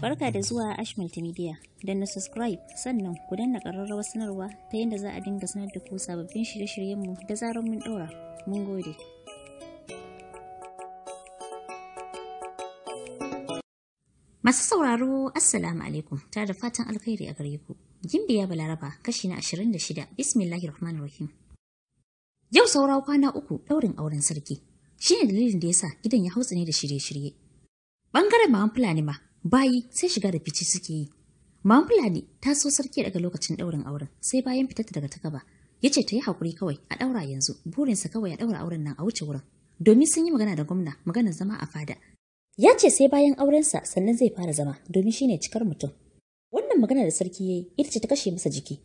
Barka da zuwa Ash Multimedia. Don na subscribe sannan ku danna ƙararrawar sanarwa ta yadda za a dinga sanar da ku sababbin shirye-shiryenmu da zarar mun ɗora. Mun gode. Masu sauraro, Assalamu alaikum, ta da fatan alkhairi a gare ku. Gimbiya Balaraba, kashi na 26, Bismillahir Rahmanir Rahim. Yau saura kwana uku ɗaurin auren sarki. Shi ne dalilin da ya sa gidan ya ne da shirye-shirye. Bangaren mawan Fulani ma bayi sai shiga da fici suke yi. Maman Fulani ta so sarki daga lokacin ɗaurin auren sai bayan fitarta daga takaba ya ce ta yi haƙuri kawai a ɗaura yanzu burinsa kawai a ɗaura auren nan a wuce wurin domin sun yi magana da gwamna maganar zama a fada. Ya ce sai bayan aurensa sannan zai fara zama domin shi ne cikar mutum. Wannan magana da sarki ya yi ita ce ta kashe masa jiki.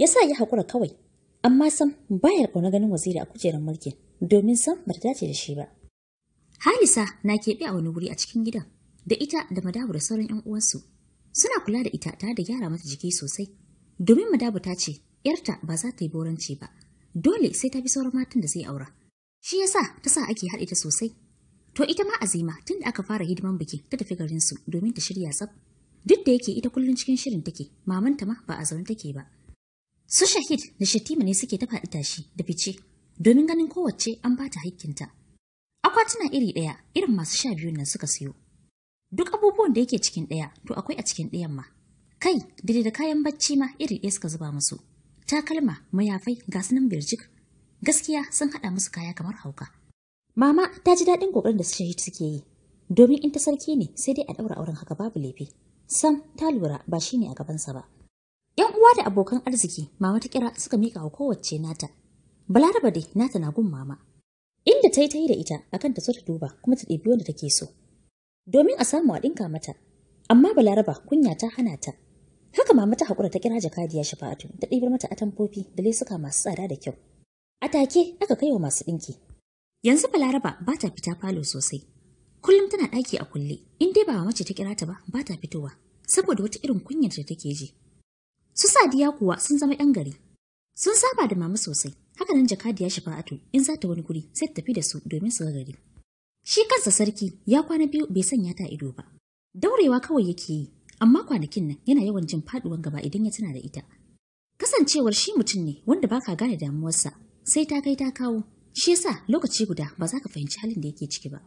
Ya sa ya haƙura kawai amma sam bayar ƙauna ganin waziri a kujerar mulkin domin sam ba ta dace da shi ba. Halisa na keɓe a wani wuri a cikin gidan da ita da madabu da sauran 'yan uwansu suna kula da ita tare da gyara mata jiki sosai domin madabu ta ce yarta ba za ta yi boranci ba dole sai ta bi sauran matan da zai aura shi yasa ta sa ake haɗe ta sosai to ita ma azima tun da aka fara hidiman bikin ta tafi garin su domin ta shirya tsaf duk da yake ita kullum cikin shirin take mamanta ma ba a zaune take ba su shahid da shatima ne suke ta faɗi tashi da fice domin ganin kowace an ba ta haƙƙinta akwatuna iri ɗaya irin masu sha biyun nan suka siyo Duk abubuwan da yake cikin ɗaya, to akwai a cikin ɗayan ma. Kai, dare da kayan bacci ma irin ɗaya suka zuba musu. Takalma, mayafai, ga birjik. Gaskiya sun haɗa musu kaya kamar hauka. Mama ta ji daɗin ƙoƙarin da Shahid suke yi, domin in ta sarki ne sai dai a ɗaura auren haka babu laifi. Sam ta lura ba shi ne a gabansa ba. ‘Yan uwa da abokan arziki, mama ta kira suka miƙa wa kowacce nata. Balaraba dai nata na gun mama. Inda ta yi ta yi da ita akan ta so ta duba kuma ta ɗebi wanda take so. domin a samu a ɗinka mata. Amma Balaraba kunya ta hana ta. Haka mama ta haƙura ta kira jakadiya Shafa'atu ta ɗibar mata atamfofi da lesuka masu tsada da kyau. A take aka kai wa masu ɗinki. Yanzu Balaraba ba ta fita falo sosai. Kullum tana ɗaki a kulle, in dai ba mace ta kira ta ba, ba ta fitowa, saboda wata irin kunyar da take ji. Su Sadiya kuwa sun zama 'yan gari. Sun saba da mama sosai, haka nan jakadiya Shafa'atu in za ta wani guri sai ta tafi da su domin su ga gari. Shi kansa sarki ya kwana biyu bai sanya ta ido ba. Daurewa kawai yake yi, amma kwanakin nan yana yawan jin faduwan gaba idan ya tuna da ita. Kasancewar shi mutum ne wanda baka gane damuwarsa, sai ta kai ta kawo. Shi yasa lokaci guda ba za ka fahimci halin da yake ciki ba.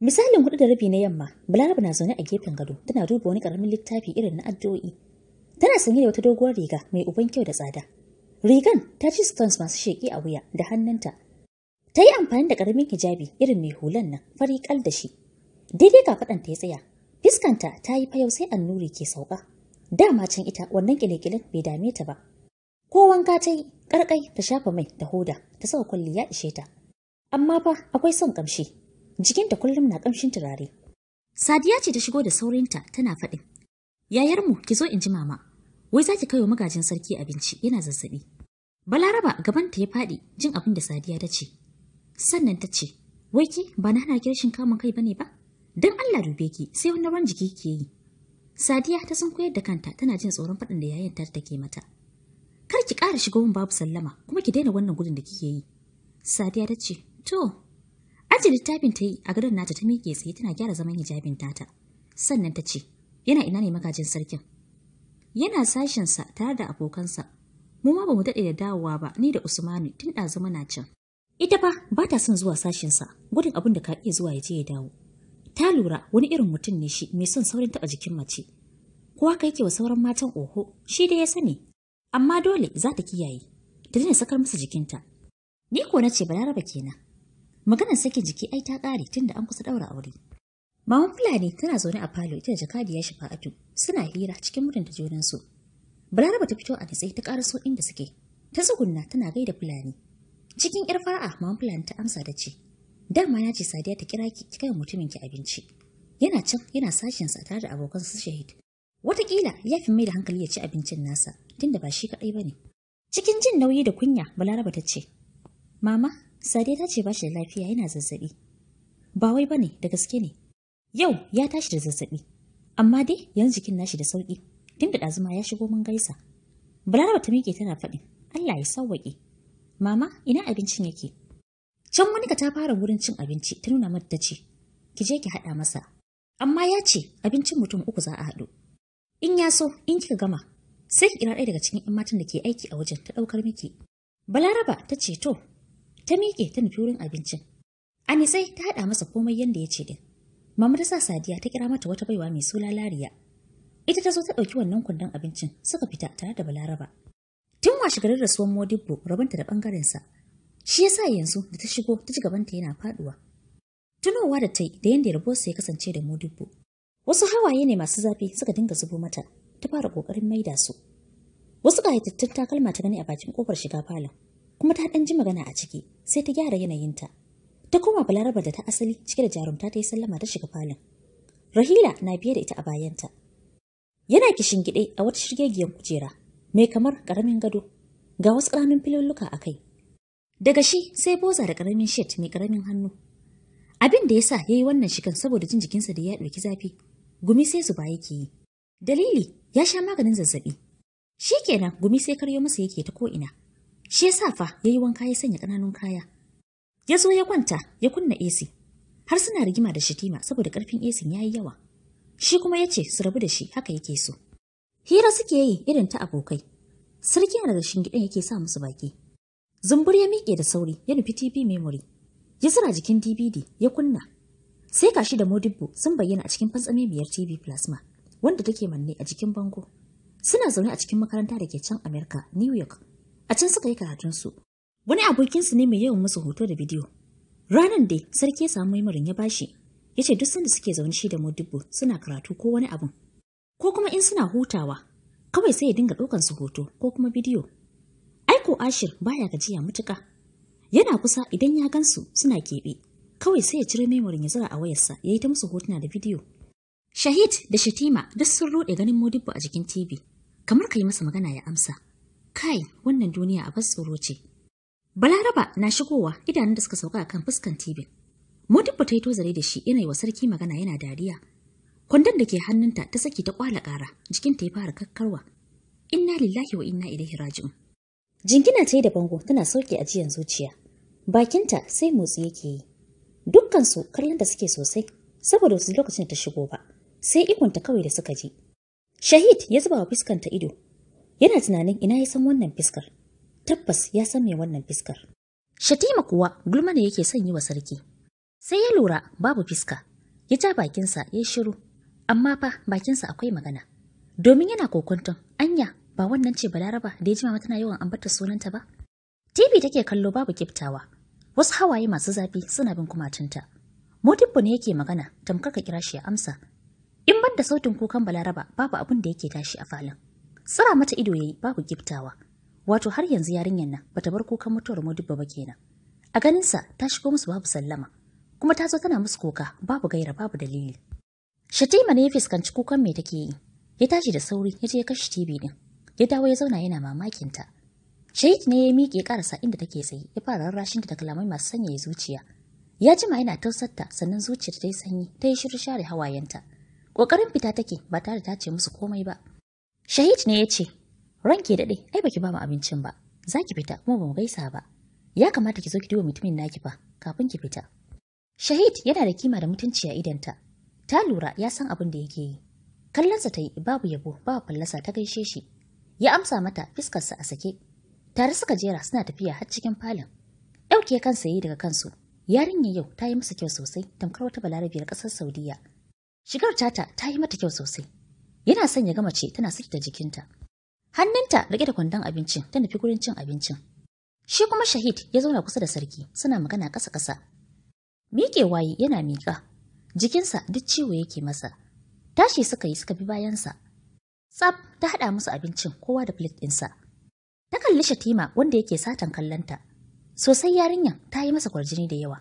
Misalin hudu da rabi na yamma, Balarabe na zaune a gefen gado tana duba wani karamin littafi irin na addu'o'i. Tana sanye da wata doguwar riga mai uban kyau da tsada. Rigan ta ci stones masu sheƙi a wuya da hannunta Ta yi amfani da ƙaramin hijabi irin mai hulan nan fari ƙal da shi. Daidai ta ya tsaya, fiskanta ta yi fayau sai annuri ke sauka. Dama can ita wannan ƙile-ƙilen bai dame ta ba. Ko wanka ta yi, ƙarƙai ta shafa mai da hoda ta saka kulli ya ishe ta. Amma fa akwai son ƙamshi, jikinta kullum na ƙamshin turare. Sadiya ce ta shigo da saurinta tana faɗin. Yayarmu ki zo in ji mama, wai za ki wa magajin sarki abinci yana zazzaɓi. Balaraba gabanta ya faɗi jin abin da Sadiya ta ce. sannan ta ce wai ki ba na hana kirshin kamun kai ba ne ba Don Allah dube ki sai wani ran jiki ke yi Sadiya ta san koyar da kanta tana jin tsoron faɗin da yayin ta take mata kar ki ƙara shigo min babu sallama kuma ki daina wannan gudun da kike yi Sadiya ta ce to Aji littafin ta yi a gadon nata ta miƙe tsaye tana gyara zaman hijabin tata sannan ta ce yana ina ne magajin sarkin yana sashensa tare da abokansa mu ma ba mu daɗe da dawowa ba ni da usmanu tun ɗazu muna can Ita fa ba ta son zuwa sashinsa, gudun abin da ka iya zuwa ya je ya dawo. Ta lura wani irin mutum ne shi mai son saurin taɓa jikin mace. Kowa ka yake wa sauran matan oho, shi da ya sani, amma dole za ta kiyaye, ta daina sakar masa jikinta. Ni ko na ce balaraba kenan. Maganar sakin jiki ai ta ƙare tunda an kusa ɗaura aure. Maman Fulani tana zaune a falo ita da ya shafa Shafa'atu suna hira cikin mutunta junansu. Balaraba ta fito a nitsai ta ƙaraso inda suke. Ta tsugunna tana gaida Fulani. Cikin 'yar fara'a Mamulan ta amsa da ce, dama na ce Sadiya ta kira ki kai mutumin ki abinci. Yana can yana sashin sa tare da abokan su shahid. Wataƙila ya fi mai da hankali ya ci abincin nasa tunda ba shi kaɗai bane Cikin jin nauyi da kunya Balaraba ta ce, Mama, Sadiya ta ce ba shi da lafiya yana zazzaɓi. Ba wai bane da gaske ne. Yau ya tashi da zazzaɓi. Amma dai yanzu jikin nashi da sauki tunda dazuma ya shigo mun gaisa. Balaraba ta miƙe tana faɗin, Allah ya sawwaƙe. Mama, ina abincin yake? Can wani ka ta fara wurin cin abinci ta nuna mata ce, ki je ki haɗa masa. Amma ya ce abincin mutum uku za a haɗu. In ya so, in kika gama, sai ki kira ɗaya daga cikin 'yan matan da ke aiki a wajen ta ɗaukar miki. Balaraba ta ce to, ta miƙe ta nufi wurin abincin. Anisai ta haɗa masa komai yadda ya ce din. Mama ta sa Sadiya ta kira mata wata baiwa mai sula Lariya. Ita ta zo ta ɗauki wannan kwandon abincin suka fita tare da Balaraba. Tun wa garin rasuwar Modibbo rabanta da ɓangarensa. Shi ya sa yanzu da ta shigo ta ci gabanta yana faɗuwa. Tunowa da ta da yadda rabuwarsa ya kasance da Modibbo. Wasu hawaye ne masu zafi suka dinga zubo mata ta fara ƙoƙarin maida su. Wasu kayatattun takalma ta gani a bakin kofar shiga falon. Kuma ta ɗan ji magana a ciki sai ta gyara yanayinta. Ta koma balaraba da ta asali cike da jarumta ta yi sallama ta shiga falon. Rahila na biye da ita a bayanta. Yana kishin gide a wata shirgegiyar kujera mai kamar karamin gado ga wasu karamin filulluka a kai daga shi sai boza da karamin shet mai karamin hannu abin da ya sa ya yi wannan shigan saboda jin jikinsa da ya ɗauki zafi gumi sai zuba yake yi dalili ya sha maganin zazzaɓi shi kenan gumi sai karyo masa yake ta ko'ina shi ya sa fa ya yi wanka ya sanya ƙananun kaya ya zo ya kwanta ya kunna AC har suna rigima da shitima saboda ƙarfin AC ya yi yawa shi kuma ya ce su rabu da shi haka yake so Hira suke yi irin ta abokai. Sarki na daga shingiɗin yake sa musu baki. Zumbur ya miƙe da sauri ya nufi TV memory. Ya zira jikin DVD ya kunna. Sai kashi da Modibbo sun bayyana a cikin biyar TV plasma wanda take manne a jikin bango. Suna zaune a cikin makaranta da ke can Amerika, New York. A can suka yi su. Wani abokinsu ne mai yawan musu hoto da bidiyo. Ranan dai sarki ya samu memory ya bashi. Ya ce duk sanda suke zaune shi da Modibbo suna karatu ko wani abun. ko kuma in suna hutawa kawai sai ya dinga ɗaukan su hoto ko kuma bidiyo aiko ashir baya gajiya matuka yana kusa idan ya gansu suna keɓe kawai sai ya cire memorin ya zura a wayarsa ya yi ta musu hotuna da bidiyo shahid da shatima duk sun ruɗe ganin modibbo a jikin tv kamar ka yi masa magana ya amsa kai wannan duniya a bas tsoro ce balaraba na shigowa idanun da suka sauka akan fuskan TV. modibbo ta yi tozare da shi yana yi wa sarki magana yana dariya Kwandon da ke hannunta ta saki ta kwala ƙara, jikinta ya fara kakkarwa. Inna lillahi wa inna ilaihi raji'un. Jingina ta yi da bango tana sauke ajiyan zuciya. Bakinta sai motsi yake yi. Dukkansu kallon da suke sosai, saboda wasu lokacin da ta shigo ba, sai ikonta kawai da suka ji. Shahid ya zuba wa fuskanta ido. Yana tunanin ina ya san wannan fiskar. Tabbas ya san me wannan fiskar. Shatima kuwa gulma ne yake son yi wa sarki. Sai ya lura babu fiska. Ya ja bakinsa ya shiru. Amma fa bakinsa akwai magana. Domin yana kokonton, anya ba wannan ce balaraba da ya jima tana yawan ambata sunanta ba? TV take kallo babu kiftawa. Wasu hawaye masu zafi suna bin kumatunta. Modibbo ne yake magana, tamkar ka kira shi ya amsa. In ban da sautin kukan balaraba babu abin da yake tashi a falin Tsira mata ido yayi babu kiftawa. Wato har yanzu yarinyar nan bata bar kukan mutuwar Modibbo ba kenan. A ganinsa ta shigo musu babu sallama. Kuma ta zo tana musu kuka babu gaira babu dalili. Shatima ne ya fuskanci kukan me take yi. Ya tashi da sauri ya je ya kashe TV din. Ya dawo ya zauna yana mamakin ta. Shahid ne ya miƙe ƙarasa inda take tsaye, ya fara rarrashin ta da kalamai masu sanyaya zuciya. Ya jima yana tausarta sannan zuciyar ta yi sanyi, ta yi shiru share hawayenta. Ƙoƙarin fita take ba tare ta ce musu komai ba. Shahid ne ya ce, ran ke daɗe, ai baki ba mu abincin ba. Za ki fita kuma ba mu gaisa ba. Ya kamata ki zo ki duba mutumin naki fa kafin ki fita." Shahid yana da kima da mutunci a idanta, Ta lura ya san abin da yake yi. Kallonsa ta yi babu yabo babu fallasa ta gaishe shi. Ya amsa mata fiskarsa a sake. Tare suka jera suna tafiya har cikin falon. Ɗauke kansa yi daga kansu. Yarinya yau ta yi masa kyau sosai tamkar wata balarabiyar ƙasar Saudiya. Shigar tata ta yi mata kyau sosai. Yana son ya gama tana tana da jikinta. Hannunta rike da kwandon abincin ta nufi gurin cin abincin. Shi kuma Shahid ya zauna kusa da sarki suna magana ƙasa-ƙasa. Miƙe waye yana miƙa jikinsa duk ciwo yake masa tashi suka yi suka bi bayansa tsaf ta haɗa musu abincin kowa da plate ɗinsa ta kalli shatima wanda yake satan kallonta sosai yarinyar ta yi masa kwarjini da yawa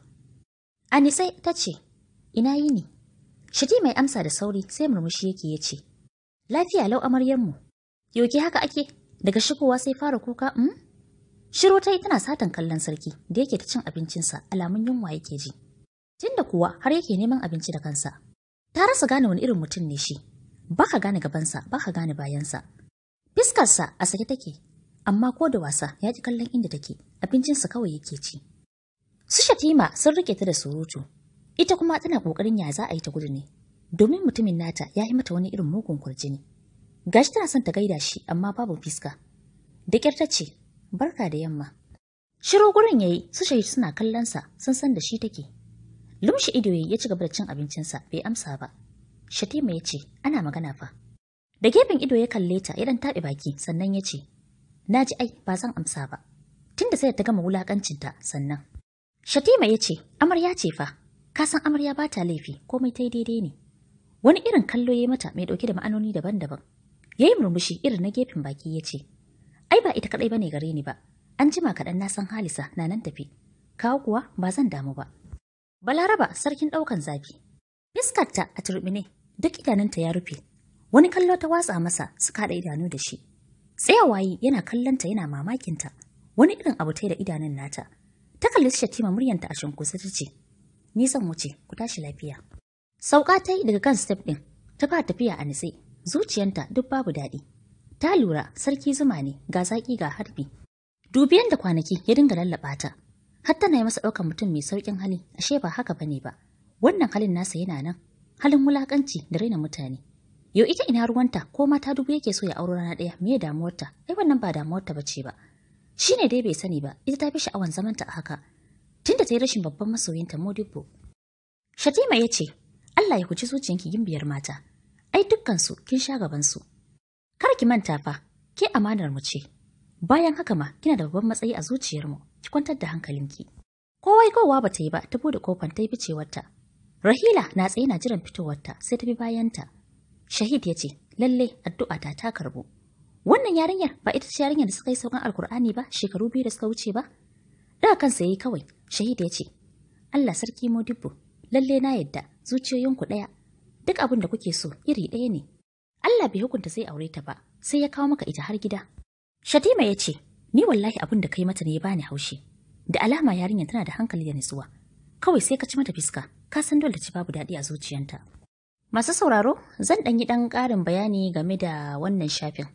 Anisai ta ce ina yi ne shatima ya amsa da sauri sai murmushi yake ya ce lafiya lau amaryanmu yoke haka ake daga shigowa sai fara kuka mm? Shiro ta yi tana satan kallon sarki da yake ta cin abincinsa alamun yunwa yake ji. tunda kuwa har yake neman abinci da kansa. Ta rasa gane wani irin mutum ne shi, ba ka gane gabansa, ba ka gane bayansa. Fiskarsa a sake take, amma ko da wasa ya ji kallon inda take, abincinsa kawai yake ci. Su Shatima sun rike ta da surutu, ita kuma tana ƙoƙarin ya za a yi ta gudu ne, domin mutumin nata ya yi mata wani irin mugun kurjini. Gashi tana son ta gaida shi amma babu fiska. Da ƙyar ta ce, Barka da yamma. Shiru gurin yayi su shahi suna kallonsa sun san da shi take. Lumshi ido ya ci gaba da cin abincinsa bai amsa ba. Shatima ya ce, ana magana fa. Da gefen ido ya kalle ta ya dan taɓe baki sannan ya ce, na ji ai ba zan amsa ba. Tunda sai ta gama wulakancinta sannan. Shatima ya ce, amarya ce fa, ka san amarya ba ta laifi komai ta daidai ne. Wani irin kallo ya mata mai ɗauke da ma'anoni daban-daban. yayi murmushi irin na gefen baki ya ce, ai ba ita kadai ba ne gare ni ba, an jima kaɗan na san halisa na nan tafi, kawo kuwa ba zan damu ba. Balaraba sarkin ɗaukan zafi. Fiskarta a turbine duk idanunta ya rufe. Wani kallo ta watsa masa suka haɗa idanu da shi. Tsayawayi yana kallonta yana mamakinta. Wani irin abu ta da idanun nata. Ta kalli Shatima muryanta a shinkusa ta ce, Ni zan wuce, ku tashi lafiya. Sauka ta yi daga kan step ɗin, ta ba tafiya a nitse, zuciyanta duk babu daɗi. Ta lura sarki zuma ne ga zaƙi ga harbi. Dubiyan da kwanaki ya dinga lallaɓa ta, har tana yi masa ɗaukar mutum mai sauƙin hali ashe ba haka ne ba wannan halin nasa yana nan halin wulaƙanci, da raina mutane yau ita ina ruwanta ko mata dubu yake so ya auro rana ɗaya me damuwarta ai wannan ba damuwarta bace ba Shi ne dai bai sani ba ita ta fi sha'awan zamanta a haka tunda ta yi rashin babban masoyinta Modibo. Shatima ya ce, Allah ya kuci zuciyanki gimbiyar mata, ai dukkansu kin sha gabansu. Kar ki manta fa, ke amanar mu ce, bayan haka ma kina da babban matsayi a zuciyarmu. ki kwantar da hankalinki. Kowai kowa bata yi ba ta bude kofar ta yi ficewarta. Rahila na tsaye na jiran fitowarta sai ta bi bayanta. Shahid ya ce, lalle addu'a ta ta karbu. Wannan yarinyar ba ita ce yarinyar da suka yi saukan Alkur'ani ba shekaru biyu da suka wuce ba? Daga kansa yayi kawai, Shahid ya ce, Allah sarki Modibbo, Lallai na yadda zuciyoyinku ɗaya. Duk abin da kuke so iri ɗaya ne. Allah bai hukunta zai aure ta ba, sai ya kawo maka ita har gida. Shatima ya ce, Ni wallahi abin da kai mata ne ya bani haushi. Da alama yarinyar tana da hankali da nutsuwa. Kawai sai ka ci mata fiska, ka san dole ci babu daɗi a zuciyanta. Masu sauraro, zan ɗan yi ɗan karin bayani game da wannan shafin.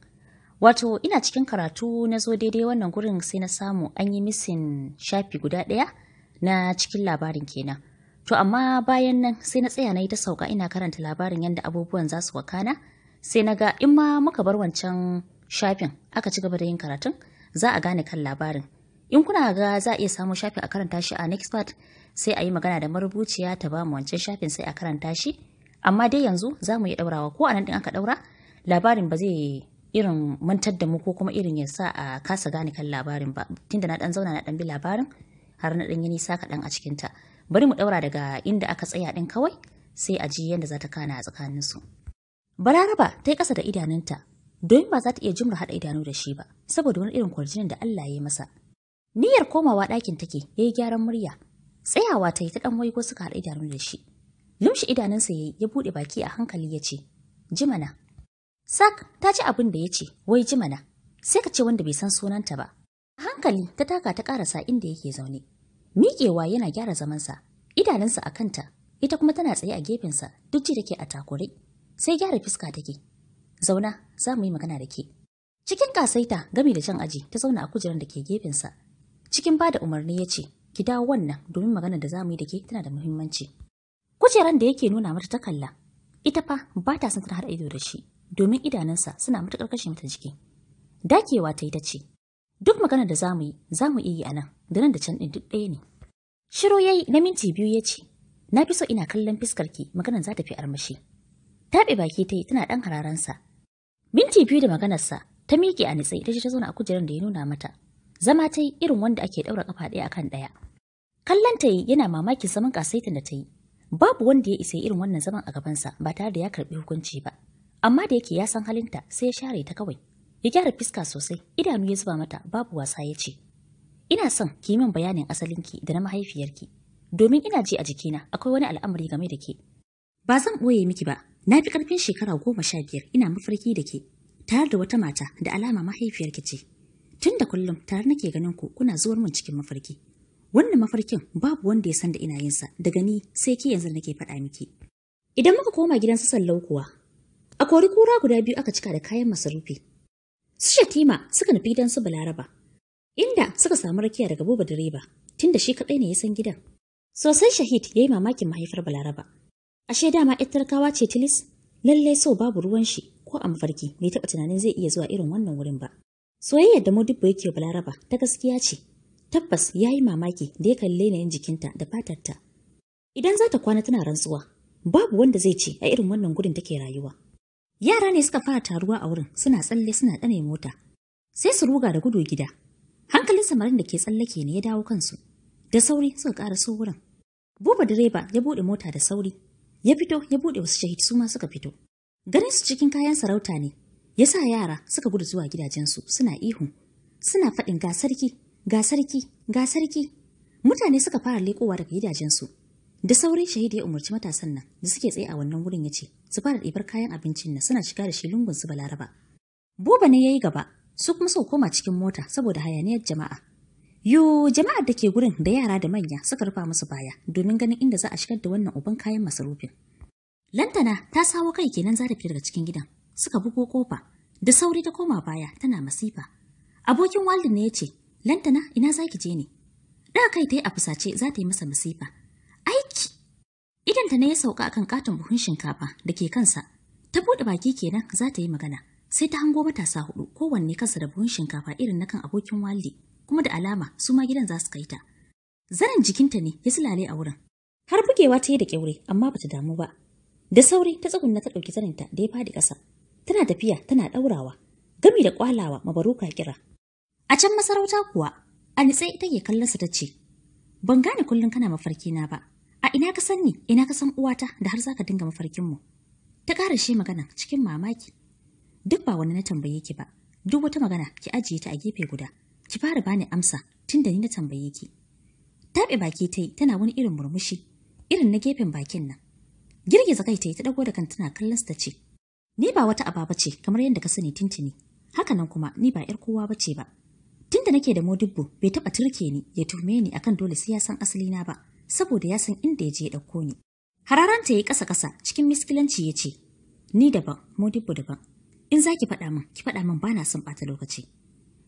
Wato, ina cikin karatu na zo daidai wannan gurin sai na samu an yi misin shafi guda ɗaya na cikin labarin kenan. To amma bayan nan sai na tsaya na yi ta sauka ina karanta labarin yadda abubuwan za su wakana, sai na ga in ma muka bar wancan shafin aka ci gaba da yin karatun, za a gane kan labarin. In kuna ga za a iya samun shafi a karanta shi a Nextpad sai a yi magana da marubuciya ta ba mu wancan shafin sai a karanta shi. Amma dai yanzu za mu yi ɗaurawa ko a nan ɗin aka ɗaura labarin ba zai irin mantar da mu ko kuma irin ya sa a kasa gane kan labarin ba tunda na ɗan zauna na ɗan bi labarin har na ɗan yi nisa kaɗan a cikin ta Bari mu ɗaura daga inda aka tsaya ɗin kawai sai a ji yadda za ta kana a tsakaninsu. Balaraba ta yi kasa da idanunta domin ba za ta iya jimra haɗa idanu da shi ba saboda wani irin kwarjinin da Allah ya yi masa. Niyyar komawa ɗakin take ya yi gyaran murya. Tsayawa ta yi ta ɗan waigo suka haɗa idanu da shi. Lumshi idanunsa ya ya buɗe baki a hankali ya ce, Jimana. Sak ta ci abin da ya ce, wai Jimana, sai ka ce wanda bai san sunanta ba. A hankali ta taka ta ƙarasa inda yake zaune. Miƙewa yana gyara zamansa, idanunsa a kanta, ita kuma tana tsaye a gefensa duk ji take a takure. Sai gyara fuska take, Zauna, za mu yi magana da ke. Cikin kasaita gami da can aji ta zauna a kujerar da ke gefensa. Cikin ba da umarni ya ce, ki dawo wannan domin magana da za mu yi da ke tana da muhimmanci. Kujerar da yake nuna mata ta kalla, ita fa ba ta son tana haɗa ido da shi, domin idanunsa suna matuƙar kashe mata jiki. Dakewa ta yi ta ce, duk magana da za mu yi, za mu iya yi a nan, da nan da can ɗin duk ɗaya ne. Shiru ya yi na minti biyu ya ce, na fi so ina kallon fiskarki maganar za ta fi armashi. Taɓe baki ta yi tana ɗan hararansa, Minti biyu da maganarsa ta miƙe a nitse ta ce ta zauna a kujerar da ya nuna mata. Zama ta yi irin wanda ake ɗaura kafa ɗaya akan ɗaya. Kallon ta yi yana mamakin zaman ƙasaitan da ta yi. Babu wanda ya isa irin wannan zaman a gabansa ba tare da ya karɓi hukunci ba. Amma da yake ya san halinta sai ya share ta kawai. Ya gyara fiska sosai, idanu ya zuba mata babu wasa ya ce. Ina son ki min bayanin asalinki da na mahaifiyarki. Domin ina ji a jikina akwai wani al'amari game da ke Ba zan ɓoye miki ba, na fi ƙarfin shekara goma sha biyar ina mafarki da ke, tare da wata mata da alama mahaifiyarki ce. Tun da kullum tare nake ganin ku kuna zuwar min cikin mafarki. Wannan mafarkin babu wanda ya san da ina yinsa daga ni sai ki yanzu nake faɗa miki. Idan muka koma gidan su sallau kuwa, a kori kura guda biyu aka cika da kayan masarufi. Su Shatima suka nufi gidan su Balaraba, inda suka samu rakiya daga buba direba, tunda shi kaɗai ne ya san gidan. Sosai Shahid ya yi mamakin mahaifar Balaraba, Ashe dama ‘yar talakawa ce tilis? Lallai so babu ruwan shi ko a mafarki bai taɓa tunanin zai iya zuwa irin wannan wurin ba. Soyayyar da Modibbo yake Balaraba ta gaskiya ce. Tabbas ya yi mamaki da ya kalli yanayin jikinta da fatarta. Idan za ta kwana tana rantsuwa, babu wanda zai ce a irin wannan gurin take rayuwa. Yara ne suka fara taruwa a wurin suna tsalle suna ɗane mota. Sai su ruga da gudu gida. Hankalin samarin da ke tsallake ne ya dawo kansu. Da sauri suka ƙara so wurin. Buba direba ya buɗe mota da sauri ya fito ya buɗe wasu shahid su ma suka fito. Ganin su cikin kayan sarauta ne, ya sa yara suka gudu zuwa gidajensu suna ihu, suna faɗin ga sarki, ga sarki, ga sarki. Mutane suka fara leƙowa daga gidajensu. Da sauri shahidi ya umarci matasan nan da suke tsaye a wannan wurin ya ce su fara ɗibar kayan abincin nan suna shiga da shi lungun su balaraba. Buba ne ya yi gaba, su kuma suka koma cikin mota saboda hayaniyar jama'a. Yo jama'ar da ke gurin da yara da manya suka rufa musu baya domin ganin inda za a shigar da wannan uban kayan masarufin. Lantana ta sawo kai kenan za ta fita daga cikin gidan. Suka bugo kofa da sauri ta koma baya tana masifa. Abokin Walden ne ya ce, "Lantana ina za ki je ne?" Da kai ta yi a fusace za ta yi masa masifa. Aiki! Idanta ne ya sauka akan katon buhun shinkafa da ke kansa. Ta buɗe baki kenan za ta yi magana. Sai ta hango matasa hudu kowanne kansa da buhun shinkafa irin na kan abokin Walden. kuma da alama su ma gidan za su kai ta. Zanen jikinta ne ya silale a wurin. Har bugewa ta yi da ƙyaure amma ba ta damu ba. Da sauri ta tsugunna ta ɗauki zaninta da ya faɗi ƙasa. Tana tafiya tana ɗaurawa, gami da ƙwalawa mabaruka kira. A can masarauta kuwa, a nitse kallon sa ta ce, Ban gane kullum kana mafarki na ba, a ina ka san ni, ina ka san uwata da har za ka dinga mafarkinmu. Ta ƙara shi magana cikin mamaki. Duk ba wani na tambaye ki ba, duk wata magana ki ajiye ta a gefe guda. Ki fara bani amsa tunda ni na tambaye ki. Taɓe baki ta yi tana wani irin murmushi, irin na gefen bakin nan. Girgiza kai ta yi ta dago da kanta tana kallon ta ce, Ni ba wata ababa ce kamar yadda ka sani Haka nan kuma ni ba 'yar kowa bace ba. Tun da nake da modibbo bai taɓa turke ni ya tuhume ni akan dole sai ya san asalina ba, saboda ya san inda ya je ya ɗauko ni. Hararanta ya yi ƙasa-ƙasa cikin miskilanci ya ce, Ni daban, modibbo daban. In za ki faɗa min, ki faɗa min ba na son ɓata lokaci.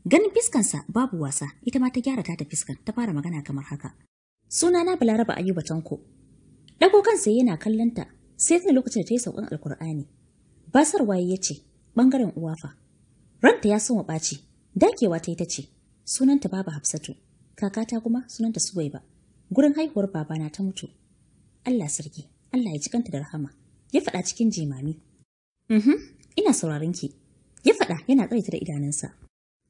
Ganin fiskansa babu wasa, ita ma ta gyara ta ta fiskan, ta fara magana kamar haka. Sunana Balaraba Ayuba Tanko. Dago kansa yana kallon ta sai tana lokacin da ta yi saukan Alkur'ani. Basar waye ya ce, bangaren uwafa. Ranta ya so ɓaci, dakewa ta yi ta ce, sunanta Baba Hafsatu, kakata kuma sunanta Suwaiba. Gurin haihuwar babana ta mutu. Allah sarki, Allah ya ji kanta da rahama. Ya faɗa cikin jimami. Mhm, ina sauraron ki. Ya faɗa yana ta da idanunsa.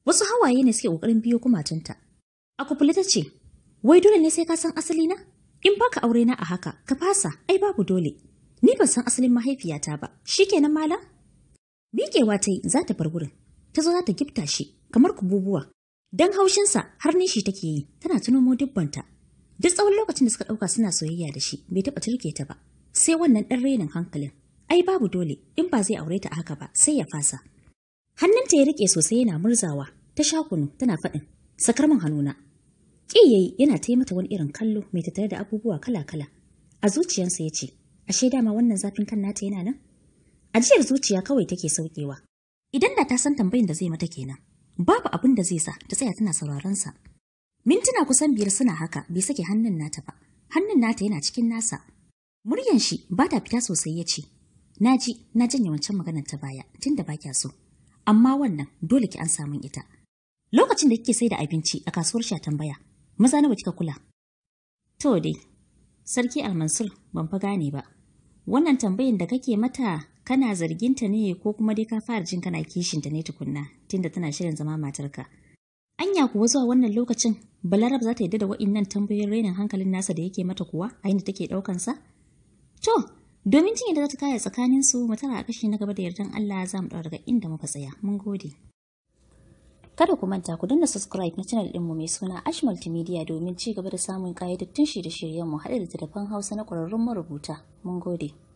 Wasu hawaye ne suke ƙoƙarin biyo kumatunta. A kufule ta ce, Wai dole ne sai ka san asali na? In baka aure na a haka, ka fasa, ai babu dole. Ni ban san asalin mahaifiyata ba, shi kenan mala? Miƙewa ta yi za ta bar wurin, ta zo za ta gifta shi, kamar kububuwa. Dan haushinsa har nishi take yi, tana tuno dubbanta. Duk tsawon lokacin da suka ɗauka suna soyayya da shi, bai taɓa turke ta ba. Sai wannan ɗan renin hankalin. Ai babu dole, in ba zai aure ta a haka ba, sai ya fasa. Hannunta ya rike sosai yana murzawa, ta sha kunu tana faɗin, sakar min hannuna. Ƙi yayi yana ta mata wani irin kallo mai tattare da abubuwa kala-kala. A zuciyarsa ya ce, ashe dama wannan zafin kan nata yana nan? Ajiyar zuciya kawai take sauƙewa. Idan da ta san tambayin da zai mata kenan, babu abin da zai sa ta tsaya tana sauraron sa. Mintuna kusan biyar suna haka bai sake hannun nata ba. Hannun nata yana cikin nasa. Muryan shi ba ta fita sosai ya ce, Naji, na janye wancan maganar ta baya tunda ba kya so. amma wannan dole ki an samun ita. Lokacin da kike sai da abinci a kasuwar sha tambaya, maza nawa kika kula? To dai, Sarki Almansur ban fa gane ba. Wannan tambayin da kake mata kana zarginta ne ko kuma dai ka fara jin kana kishinta ne tukunna tunda tana shirin zama matarka. Anya kuwa zuwa wannan lokacin Balarab za ta yadda da wa'innan tambayoyin rainin hankalin nasa da yake mata kuwa a inda take ɗaukansa? To, Domin jin yadda za ta kaya tsakanin su mu tara kashi na gaba da yardan Allah za mu daga inda muka tsaya. Mun gode. Kada ku manta ku danna subscribe na channel mu mai suna Ash Multimedia domin ci gaba da samun ƙayyadattun shirye-shiryenmu haɗe da tafan Hausa na ƙwararrun marubuta. Mun gode.